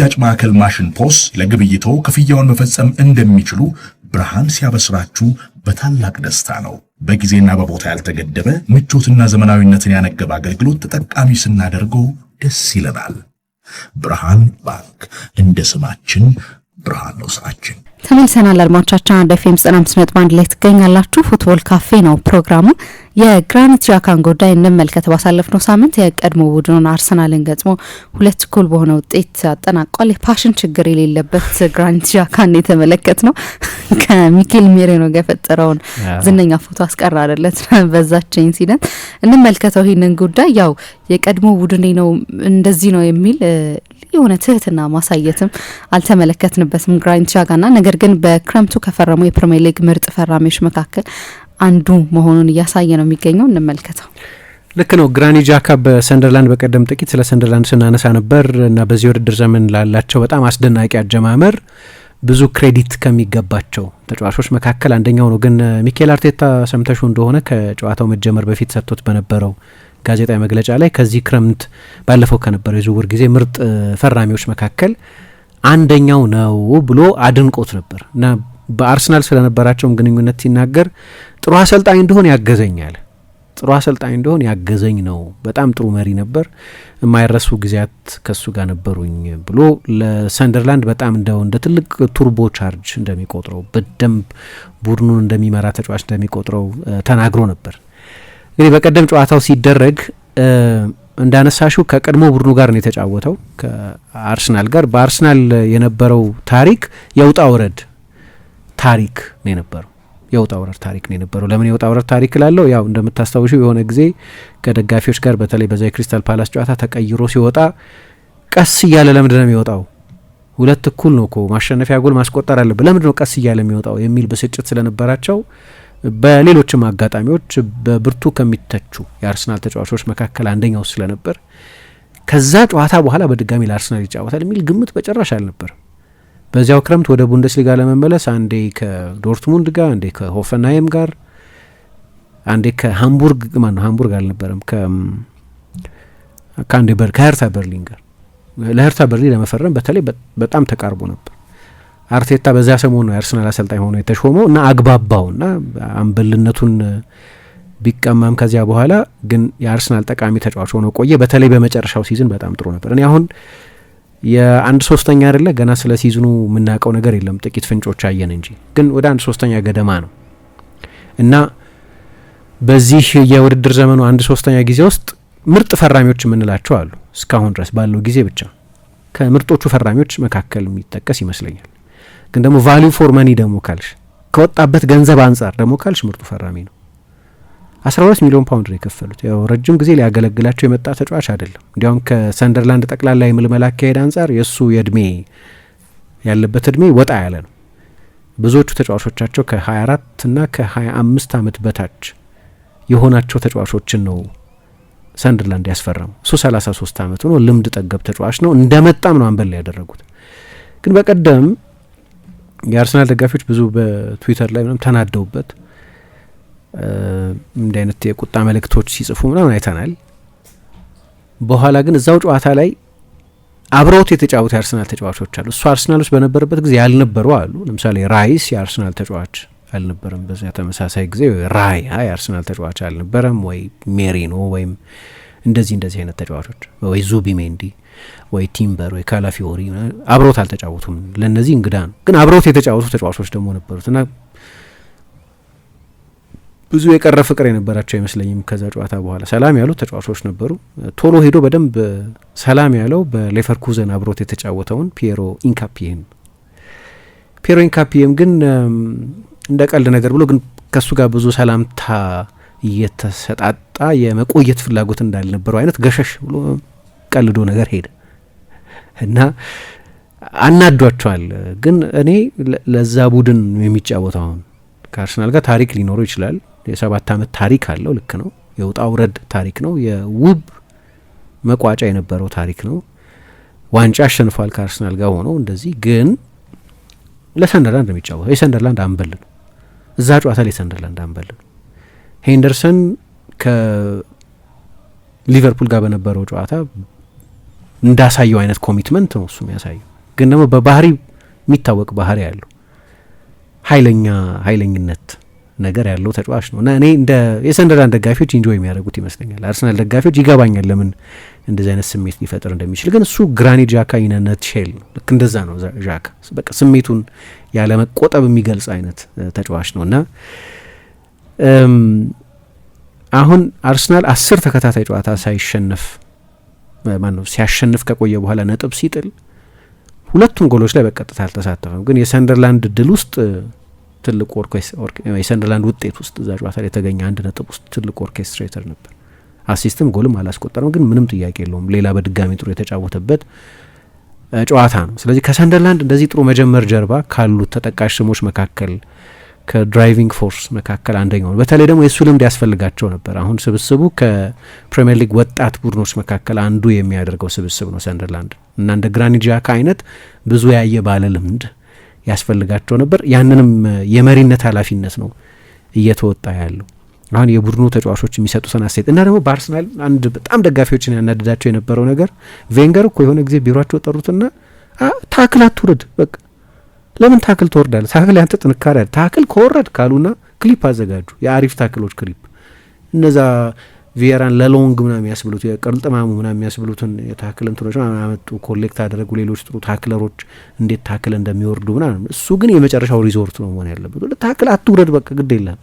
የሽያጭ ማዕከል ማሽን ፖስ ለግብይቶ ክፍያውን መፈጸም እንደሚችሉ ብርሃን ሲያበስራችሁ በታላቅ ደስታ ነው። በጊዜና በቦታ ያልተገደበ ምቾትና ዘመናዊነትን ያነገበ አገልግሎት ተጠቃሚ ስናደርገው ደስ ይለናል። ብርሃን ባንክ እንደ ስማችን ብርሃን ነው ስራችን። ተመልሰናል አድማጮቻችን፣ አንድ ኤፍ ኤም ዘጠና አምስት ነጥብ አንድ ላይ ትገኛላችሁ። ፉትቦል ካፌ ነው ፕሮግራሙ። የግራኒት ዣካን ጉዳይ እንመልከት። ባሳለፍነው ሳምንት የቀድሞ ቡድኑን አርሰናልን ገጥሞ ሁለት ጎል በሆነ ውጤት አጠናቋል። የፓሽን ችግር የሌለበት ግራኒት ዣካን የተመለከት ነው። ከሚኬል ሜሬኖ ጋር የፈጠረውን ዝነኛ ፎቶ አስቀራ አደለት ኢንሲደንት እንመልከተው ይህንን ጉዳይ ያው የቀድሞ ቡድኔ ነው እንደዚህ ነው የሚል የሆነ ትህትና ማሳየትም አልተመለከትንበትም ግራኒት ዣጋና። ነገር ግን በክረምቱ ከፈረሙ የፕሪሚየር ሊግ ምርጥ ፈራሚዎች መካከል አንዱ መሆኑን እያሳየ ነው የሚገኘው። እንመልከተው። ልክ ነው። ግራኒ ጃካ በሰንደርላንድ በቀደም ጥቂት ስለ ሰንደርላንድ ስናነሳ ነበር እና በዚህ ውድድር ዘመን ላላቸው በጣም አስደናቂ አጀማመር ብዙ ክሬዲት ከሚገባቸው ተጫዋቾች መካከል አንደኛው ነው። ግን uh, ሚኬል አርቴታ ሰምተሹ እንደሆነ ከጨዋታው መጀመር በፊት ሰጥቶት በነበረው ጋዜጣዊ መግለጫ ላይ ከዚህ ክረምት ባለፈው ከነበረው የዝውውር ጊዜ ምርጥ uh, ፈራሚዎች መካከል አንደኛው ነው ብሎ አድንቆት ነበር እና በአርሰናል ስለነበራቸውም ግንኙነት ሲናገር ጥሩ አሰልጣኝ እንደሆን ያገዘኛል ጥሩ አሰልጣኝ እንደሆን ያገዘኝ ነው። በጣም ጥሩ መሪ ነበር፣ የማይረሱ ጊዜያት ከሱ ጋር ነበሩኝ ብሎ ለሰንደርላንድ በጣም እንደው እንደ ትልቅ ቱርቦ ቻርጅ እንደሚቆጥረው በደንብ ቡድኑን እንደሚመራ ተጫዋች እንደሚቆጥረው ተናግሮ ነበር። እንግዲህ በቀደም ጨዋታው ሲደረግ እንዳነሳሽው ከቀድሞ ቡድኑ ጋር ነው የተጫወተው ከአርሰናል ጋር። በአርሰናል የነበረው ታሪክ የውጣ ውረድ ታሪክ ነው የነበረው የውጣ ውረድ ታሪክ ነው የነበረው። ለምን የውጣ ውረድ ታሪክ ላለው ያው እንደምታስታውሹ የሆነ ጊዜ ከደጋፊዎች ጋር በተለይ በዛ የክሪስታል ፓላስ ጨዋታ ተቀይሮ ሲወጣ ቀስ እያለ ለምንድ ነው የሚወጣው? ሁለት እኩል ነው እኮ ማሸነፊያ ጎል ማስቆጠር አለብን፣ ለምንድን ነው ቀስ እያለ የሚወጣው የሚል ብስጭት ስለነበራቸው በሌሎችም አጋጣሚዎች በብርቱ ከሚተቹ የአርሰናል ተጫዋቾች መካከል አንደኛው ስለነበር ከዛ ጨዋታ በኋላ በድጋሚ ለአርሰናል ይጫወታል የሚል ግምት በጭራሽ አልነበር። በዚያው ክረምት ወደ ቡንደስሊጋ ለመመለስ አንዴ ከዶርትሙንድ ጋር አንዴ ከሆፈንሃይም ጋር አንዴ ከሃምቡርግ ነው ሃምቡርግ አልነበረም ከአንዴ በር ከሄርታ በርሊን ጋር ለሄርታ በርሊን ለመፈረም በተለይ በጣም ተቃርቦ ነበር። አርቴታ በዚያ ሰሞን ነው የአርሰናል አሰልጣኝ ሆኖ የተሾመው እና አግባባው እና አምበልነቱን ቢቀማም ከዚያ በኋላ ግን የአርሰናል ጠቃሚ ተጫዋች ሆኖ ቆየ። በተለይ በመጨረሻው ሲዝን በጣም ጥሩ ነበር። እኔ አሁን የአንድ ሶስተኛ አይደለ ገና ስለ ሲዝኑ የምናውቀው ነገር የለም። ጥቂት ፍንጮች አየን እንጂ ግን ወደ አንድ ሶስተኛ ገደማ ነው እና በዚህ የውድድር ዘመኑ አንድ ሶስተኛ ጊዜ ውስጥ ምርጥ ፈራሚዎች የምንላቸው አሉ። እስካሁን ድረስ ባለው ጊዜ ብቻ ከምርጦቹ ፈራሚዎች መካከል የሚጠቀስ ይመስለኛል። ግን ደግሞ ቫሊዩ ፎር መኒ ደግሞ ካልሽ ከወጣበት ገንዘብ አንጻር ደግሞ ካልሽ ምርጡ ፈራሚ ነው። አስራ ሁለት ሚሊዮን ፓውንድ ነው የከፈሉት። ያው ረጅም ጊዜ ሊያገለግላቸው የመጣ ተጫዋች አይደለም። እንዲያውም ከሰንደርላንድ ጠቅላላ የምልመላ አካሄድ አንጻር የእሱ የእድሜ ያለበት እድሜ ወጣ ያለ ነው። ብዙዎቹ ተጫዋቾቻቸው ከ24 እና ከ25 ዓመት በታች የሆናቸው ተጫዋቾችን ነው ሰንደርላንድ ያስፈረሙ። እሱ 33 ዓመት ሆኖ ልምድ ጠገብ ተጫዋች ነው። እንደመጣም ነው አንበል ያደረጉት። ግን በቀደም የአርሰናል ደጋፊዎች ብዙ በትዊተር ላይ ምናምን ተናደውበት እንዲህ አይነት የቁጣ መልእክቶች ሲጽፉ ምናምን አይተናል። በኋላ ግን እዛው ጨዋታ ላይ አብረውት የተጫወቱ የአርሰናል ተጫዋቾች አሉ። እሱ አርሰናል ውስጥ በነበረበት ጊዜ ያልነበሩ አሉ። ለምሳሌ ራይስ የአርሰናል ተጫዋች አልነበረም። በዚያ ተመሳሳይ ጊዜ ራያ የአርሰናል ተጫዋች አልነበረም፣ ወይ ሜሪኖ ወይም እንደዚህ እንደዚህ አይነት ተጫዋቾች ወይ ዙቢ ሜንዲ ወይ ቲምበር ወይ ካላፊዮሪ አብሮት አልተጫወቱም። ለእነዚህ እንግዳ ነው። ግን አብረውት የተጫወቱ ተጫዋቾች ደግሞ ነበሩት እና ብዙ የቀረ ፍቅር የነበራቸው አይመስለኝም። ከዛ ጨዋታ በኋላ ሰላም ያሉ ተጫዋቾች ነበሩ። ቶሎ ሄዶ በደንብ ሰላም ያለው በሌቨርኩዘን አብሮት የተጫወተውን ፒየሮ ኢንካፒየን ፒየሮ ኢንካፒየም ግን እንደ ቀልድ ነገር ብሎ ግን ከሱ ጋር ብዙ ሰላምታ እየተሰጣጣ የመቆየት ፍላጎት እንዳልነበረው አይነት ገሸሽ ብሎ ቀልዶ ነገር ሄደ እና አናዷቸዋል። ግን እኔ ለዛ ቡድን የሚጫወተውን ከአርሰናል ጋር ታሪክ ሊኖረው ይችላል የሰባት ዓመት ታሪክ አለው። ልክ ነው። የውጣ ውረድ ታሪክ ነው። የውብ መቋጫ የነበረው ታሪክ ነው። ዋንጫ አሸንፏል ከአርሰናል ጋር ሆኖ እንደዚህ። ግን ለሰንደርላንድ ነው የሚጫወተው። የሰንደርላንድ አንበል ነው። እዛ ጨዋታ ላይ የሰንደርላንድ አንበል። ነው። ሄንደርሰን ከሊቨርፑል ጋር በነበረው ጨዋታ እንዳሳየው አይነት ኮሚትመንት ነው እሱ የሚያሳየው። ግን ደግሞ በባህሪ የሚታወቅ ባህሪ ያለው ኃይለኛ ኃይለኝነት ነገር ያለው ተጫዋች ነው እና እኔ እንደ የሰንደርላንድ ደጋፊዎች ኢንጆይ የሚያደርጉት ይመስለኛል። አርሰናል ደጋፊዎች ይገባኛል ለምን እንደዚህ አይነት ስሜት ሊፈጥር እንደሚችል። ግን እሱ ግራኒት ዣካ ይነነት ሼል ነው። ልክ እንደዛ ነው። ዣካ በቃ ስሜቱን ያለመቆጠብ የሚገልጽ አይነት ተጫዋች ነው እና አሁን አርሰናል አስር ተከታታይ ጨዋታ ሳይሸነፍ ማነው ሲያሸንፍ ከቆየ በኋላ ነጥብ ሲጥል ሁለቱም ጎሎች ላይ በቀጥታ አልተሳተፈም። ግን የሰንደርላንድ ድል ውስጥ ትልቁ የሰንደርላንድ ውጤት ውስጥ እዛ ጨዋታ ላይ የተገኘ አንድ ነጥብ ውስጥ ትልቁ ኦርኬስትሬተር ነበር። አሲስትም ጎልም አላስቆጠረም፣ ግን ምንም ጥያቄ የለውም። ሌላ በድጋሚ ጥሩ የተጫወተበት ጨዋታ ነው። ስለዚህ ከሰንደርላንድ እንደዚህ ጥሩ መጀመር ጀርባ ካሉት ተጠቃሽ ስሞች መካከል ከድራይቪንግ ፎርስ መካከል አንደኛው ነው። በተለይ ደግሞ የእሱ ልምድ ያስፈልጋቸው ነበር። አሁን ስብስቡ ከፕሪምየር ሊግ ወጣት ቡድኖች መካከል አንዱ የሚያደርገው ስብስብ ነው ሰንደርላንድ እና እንደ ግራኒት ዣካ አይነት ብዙ ያየ ባለ ልምድ ያስፈልጋቸው ነበር። ያንንም የመሪነት ኃላፊነት ነው እየተወጣ ያለው። አሁን የቡድኑ ተጫዋቾች የሚሰጡትን አስተያየት እና ደግሞ በአርሰናል አንድ በጣም ደጋፊዎችን ያናደዳቸው የነበረው ነገር ቬንገር እኮ የሆነ ጊዜ ቢሮቸው ጠሩትና ታክል አትውረድ፣ በቃ ለምን ታክል ትወርዳለ? ታክል ያንተ ጥንካሬ፣ ታክል ከወረድ ካሉና ክሊፕ አዘጋጁ፣ የአሪፍ ታክሎች ክሊፕ እነዛ ቪየራን ለሎንግ ምናምን የሚያስብሉት የቅልጥማሙ ምናምን የሚያስብሉትን የታክል እንትኖች አመጡ፣ ኮሌክት አደረጉ። ሌሎች ጥሩ ታክለሮች እንዴት ታክል እንደሚወርዱ ምና እሱ ግን የመጨረሻው ሪዞርት ነው መሆን ያለበት። ታክል አትውረድ፣ በቃ ግድ የለም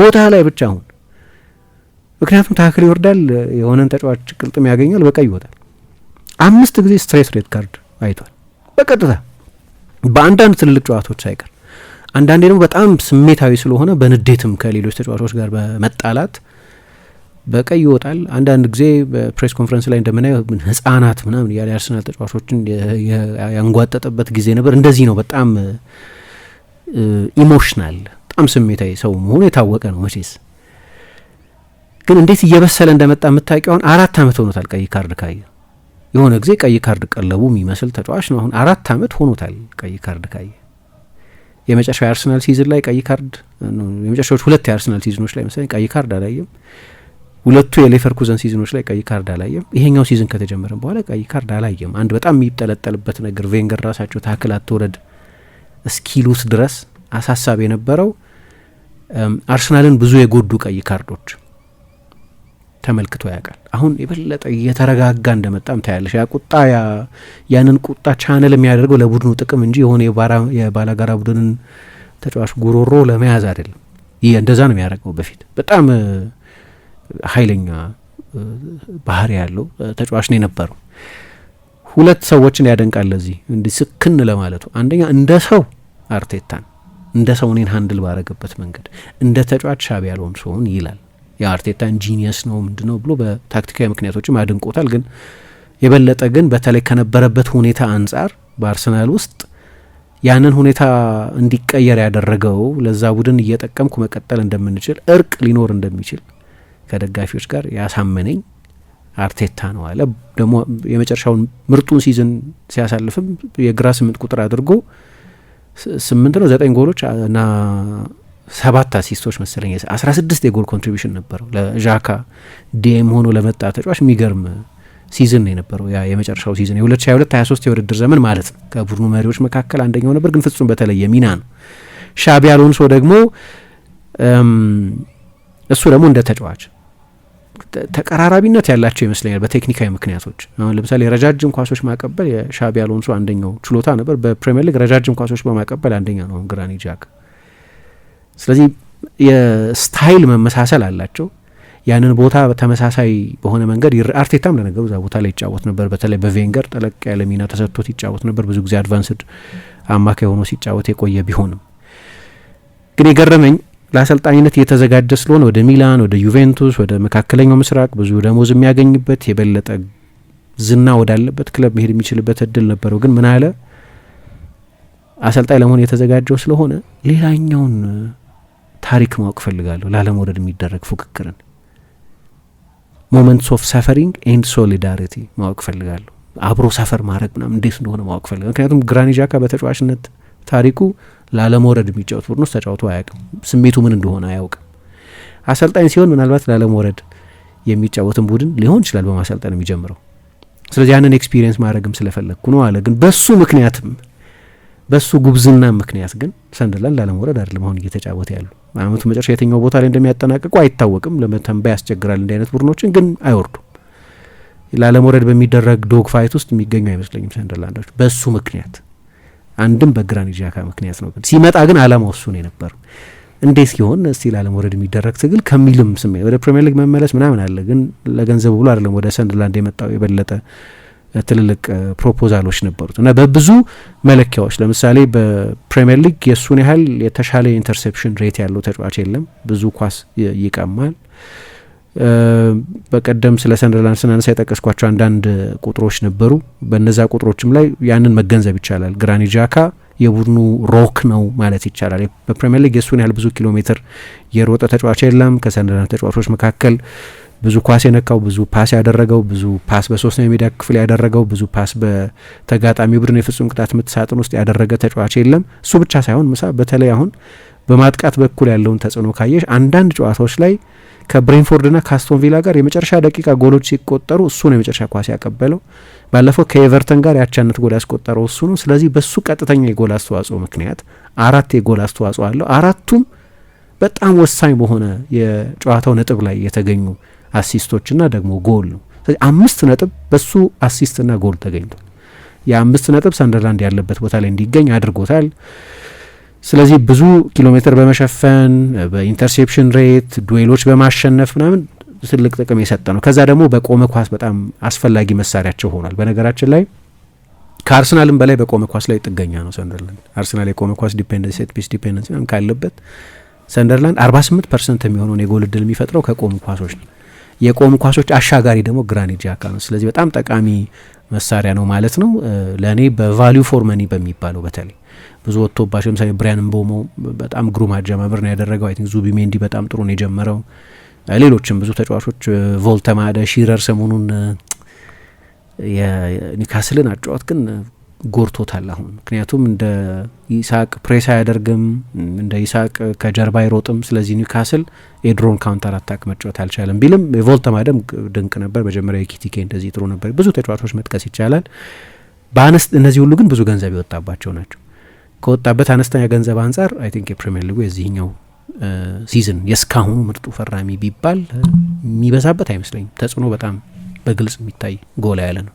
ቦታ ላይ ብቻ አሁን። ምክንያቱም ታክል ይወርዳል፣ የሆነን ተጫዋች ቅልጥም ያገኛል፣ በቃ ይወጣል። አምስት ጊዜ ስትሬት ሬድ ካርድ አይቷል በቀጥታ በአንዳንድ ትልልቅ ጨዋታዎች ሳይቀር አንዳንዴ ደግሞ በጣም ስሜታዊ ስለሆነ በንዴትም ከሌሎች ተጫዋቾች ጋር በመጣላት በቀይ ይወጣል። አንዳንድ ጊዜ በፕሬስ ኮንፈረንስ ላይ እንደምናየው ህጻናት ምናምን እያለ የአርሰናል ተጫዋቾችን ያንጓጠጠበት ጊዜ ነበር። እንደዚህ ነው። በጣም ኢሞሽናል፣ በጣም ስሜታዊ ሰው መሆኑ የታወቀ ነው። መቼስ ግን እንዴት እየበሰለ እንደመጣ የምታውቂው አሁን አራት ዓመት ሆኖታል ቀይ ካርድ ካየ የሆነ ጊዜ ቀይ ካርድ ቀለቡ የሚመስል ተጫዋች ነው። አሁን አራት ዓመት ሆኖታል ቀይ ካርድ ካየ የመጨረሻ የአርሰናል ሲዝን ላይ ቀይ ካርድ የመጨረሻዎች ሁለት የአርሰናል ሲዝኖች ላይ መሰለኝ ቀይ ካርድ አላየም። ሁለቱ የሌቨርኩዘን ሲዝኖች ላይ ቀይ ካርድ አላየም። ይሄኛው ሲዝን ከተጀመረም በኋላ ቀይ ካርድ አላየም። አንድ በጣም የሚጠለጠልበት ነገር ቬንገር ራሳቸው ታክል አትወረድ እስኪሉት ድረስ አሳሳቢ የነበረው አርሰናልን ብዙ የጎዱ ቀይ ካርዶች ተመልክቶ ያውቃል። አሁን የበለጠ እየተረጋጋ እንደመጣም ታያለሽ። ያ ቁጣ ያንን ቁጣ ቻነል የሚያደርገው ለቡድኑ ጥቅም እንጂ የሆነ የባላጋራ ቡድንን ተጫዋች ጉሮሮ ለመያዝ አይደለም። ይህ እንደዛ ነው የሚያደርገው። በፊት በጣም ኃይለኛ ባህሪ ያለው ተጫዋች ነው የነበረው። ሁለት ሰዎችን ያደንቃል ለዚህ እንዲህ ስክን ለማለቱ አንደኛ እንደ ሰው አርቴታን እንደ ሰው እኔን ሀንድል ባረገበት መንገድ እንደ ተጫዋች ሻቢ ያልሆን ሰውን ይላል። የአርቴታን ጂኒየስ ነው ምንድ ነው ብሎ በታክቲካዊ ምክንያቶችም አድንቆታል። ግን የበለጠ ግን በተለይ ከነበረበት ሁኔታ አንጻር በአርሰናል ውስጥ ያንን ሁኔታ እንዲቀየር ያደረገው ለዛ ቡድን እየጠቀምኩ መቀጠል እንደምንችል እርቅ ሊኖር እንደሚችል ከደጋፊዎች ጋር ያሳመነኝ አርቴታ ነው አለ። ደግሞ የመጨረሻውን ምርጡን ሲዝን ሲያሳልፍም የግራ ስምንት ቁጥር አድርጎ ስምንት ነው ዘጠኝ ጎሎች እና ሰባት አሲስቶች መሰለኝ አስራ ስድስት የጎል ኮንትሪቢሽን ነበረው ለዣካ ዲኤም ሆኖ ለመጣ ተጫዋች የሚገርም ሲዝን ነው የነበረው። ያ የመጨረሻው ሲዝን የ2022 23 የውድድር ዘመን ማለት ነው። ከቡድኑ መሪዎች መካከል አንደኛው ነበር፣ ግን ፍጹም በተለየ ሚና ነው። ሻቢ አሎንሶ ደግሞ እሱ ደግሞ እንደ ተጫዋች ተቀራራቢነት ያላቸው ይመስለኛል በቴክኒካዊ ምክንያቶች። አሁን ለምሳሌ ረጃጅም ኳሶች ማቀበል የሻቢ አሎንሶ አንደኛው ችሎታ ነበር። በፕሪምየር ሊግ ረጃጅም ኳሶች በማቀበል አንደኛ ነው ግራኒ ጃካ። ስለዚህ የስታይል መመሳሰል አላቸው። ያንን ቦታ ተመሳሳይ በሆነ መንገድ አርቴታም ለነገሩ እዛ ቦታ ላይ ይጫወት ነበር። በተለይ በቬንገር ጠለቅ ያለ ሚና ተሰጥቶት ይጫወት ነበር። ብዙ ጊዜ አድቫንስድ አማካይ ሆኖ ሲጫወት የቆየ ቢሆንም ግን የገረመኝ ለአሰልጣኝነት እየተዘጋጀ ስለሆነ ወደ ሚላን፣ ወደ ዩቬንቱስ፣ ወደ መካከለኛው ምስራቅ ብዙ ደሞዝ የሚያገኝበት የበለጠ ዝና ወዳለበት ክለብ መሄድ የሚችልበት እድል ነበረው። ግን ምን አለ አሰልጣኝ ለመሆን የተዘጋጀው ስለሆነ ሌላኛውን ታሪክ ማወቅ ፈልጋለሁ፣ ላለመውረድ የሚደረግ ፉክክርን ሞመንትስ ኦፍ ሰፈሪንግ ኤንድ ሶሊዳሪቲ ማወቅ ፈልጋለሁ። አብሮ ሰፈር ማድረግ ምናምን እንዴት እንደሆነ ማወቅ ፈልጋለሁ። ምክንያቱም ግራኒ ዣካ በተጫዋችነት ታሪኩ ላለመውረድ የሚጫወት ቡድን ውስጥ ተጫውቶ አያውቅም። ስሜቱ ምን እንደሆነ አያውቅም። አሰልጣኝ ሲሆን ምናልባት ላለመውረድ የሚጫወትን ቡድን ሊሆን ይችላል በማሰልጠን የሚጀምረው። ስለዚህ ያንን ኤክስፒሪየንስ ማድረግም ስለፈለግኩ ነው አለ። ግን በሱ ምክንያትም በሱ ጉብዝና ምክንያት ግን ሰንደርላንድ ላለመውረድ አይደለም አሁን እየተጫወተ ያሉ። አመቱ መጨረሻ የትኛው ቦታ ላይ እንደሚያጠናቅቁ አይታወቅም። ለመተንበይ ያስቸግራል። እንዲህ አይነት ቡድኖችን ግን አይወርዱም። ላለመውረድ በሚደረግ ዶግ ፋይት ውስጥ የሚገኙ አይመስለኝም ሰንደርላንዶች በሱ ምክንያት አንድም በግራኒት ዣካ ምክንያት ነው። ሲመጣ ግን አላማው እሱ ነው የነበረው። እንዴት ሲሆን እስቲ ላለመውረድ የሚደረግ ትግል ከሚልም ስሜት ወደ ፕሪሚየር ሊግ መመለስ ምናምን አለ። ግን ለገንዘብ ብሎ አይደለም ወደ ሰንደርላንድ የመጣው የበለጠ ትልልቅ ፕሮፖዛሎች ነበሩት እና በብዙ መለኪያዎች ለምሳሌ በፕሪሚየር ሊግ የእሱን ያህል የተሻለ ኢንተርሴፕሽን ሬት ያለው ተጫዋች የለም። ብዙ ኳስ ይቀማል። በቀደም ስለ ሰንደርላንድ ስናነሳ የጠቀስኳቸው አንዳንድ ቁጥሮች ነበሩ። በነዛ ቁጥሮችም ላይ ያንን መገንዘብ ይቻላል። ግራኒ ጃካ የቡድኑ ሮክ ነው ማለት ይቻላል። በፕሪሚየር ሊግ የእሱን ያህል ብዙ ኪሎ ሜትር የሮጠ ተጫዋች የለም። ከሰንደርላንድ ተጫዋቾች መካከል ብዙ ኳስ የነካው፣ ብዙ ፓስ ያደረገው፣ ብዙ ፓስ በሶስተኛ የሜዳ ክፍል ያደረገው፣ ብዙ ፓስ በተጋጣሚ ቡድን የፍጹም ቅጣት ምት ሳጥን ውስጥ ያደረገ ተጫዋች የለም። እሱ ብቻ ሳይሆን ምሳ በተለይ አሁን በማጥቃት በኩል ያለውን ተጽዕኖ ካየሽ አንዳንድ ጨዋታዎች ላይ ከብሬንፎርድና ቪላ ጋር የመጨረሻ ደቂቃ ጎሎች ሲቆጠሩ እሱ ነው የመጨረሻ ኳስ ያቀበለው። ባለፈው ከኤቨርተን ጋር ያቻነት ጎል ያስቆጠረው እሱ ነው። ስለዚህ በሱ ቀጥተኛ የጎል አስተዋጽኦ ምክንያት አራት የጎል አስተዋጽኦ አለው። አራቱም በጣም ወሳኝ በሆነ የጨዋታው ነጥብ ላይ የተገኙ አሲስቶችና ደግሞ ጎል ነው። ስለዚህ አምስት ነጥብ በሱ አሲስትና ጎል ተገኝቷል። የአምስት ነጥብ ሰንደርላንድ ያለበት ቦታ ላይ እንዲገኝ አድርጎታል። ስለዚህ ብዙ ኪሎ ሜትር በመሸፈን በኢንተርሴፕሽን ሬት ዱዌሎች በማሸነፍ ምናምን ትልቅ ጥቅም የሰጠ ነው። ከዛ ደግሞ በቆመ ኳስ በጣም አስፈላጊ መሳሪያቸው ሆኗል። በነገራችን ላይ ከአርሰናልም በላይ በቆመ ኳስ ላይ ጥገኛ ነው ሰንደርላንድ። አርሰናል የቆመ ኳስ ዲፔንደንስ ሴት ፒስ ዲፔንደንስ ካለበት ሰንደርላንድ 48 ፐርሰንት የሚሆነውን የጎል እድል የሚፈጥረው ከቆሙ ኳሶች ነው። የቆሙ ኳሶች አሻጋሪ ደግሞ ግራኒት ጃካ ነው። ስለዚህ በጣም ጠቃሚ መሳሪያ ነው ማለት ነው ለእኔ በቫሊዩ ፎር መኒ በሚባለው በተለይ ብዙ ወጥቶባቸው ለምሳሌ ብሪያን ምቦሞ በጣም ግሩም አጀማመር ነው ያደረገው። አይ ቲንክ ሜንዲ በጣም ጥሩ ነው የጀመረው። ሌሎችም ብዙ ተጫዋቾች ቮልተማደ፣ ሺረር ሰሞኑን የኒካስልን አጫዋት ግን ጎርቶታል አሁን። ምክንያቱም እንደ ይስሐቅ ፕሬስ አያደርግም፣ እንደ ይስሐቅ ከጀርባ አይሮጥም። ስለዚህ ኒውካስል የድሮን ካውንተር አታክ መጫወት አልቻለም ቢልም ማደም ድንቅ ነበር። መጀመሪያ የኪቲኬ እንደዚህ ጥሩ ነበር። ብዙ ተጫዋቾች መጥቀስ ይቻላል። በአነስ እነዚህ ሁሉ ግን ብዙ ገንዘብ የወጣባቸው ናቸው። ከወጣበት አነስተኛ ገንዘብ አንጻር አይ ቲንክ የፕሪሚየር ሊጉ የዚህኛው ሲዝን የእስካሁኑ ምርጡ ፈራሚ ቢባል የሚበዛበት አይመስለኝም። ተጽዕኖ በጣም በግልጽ የሚታይ ጎላ ያለ ነው።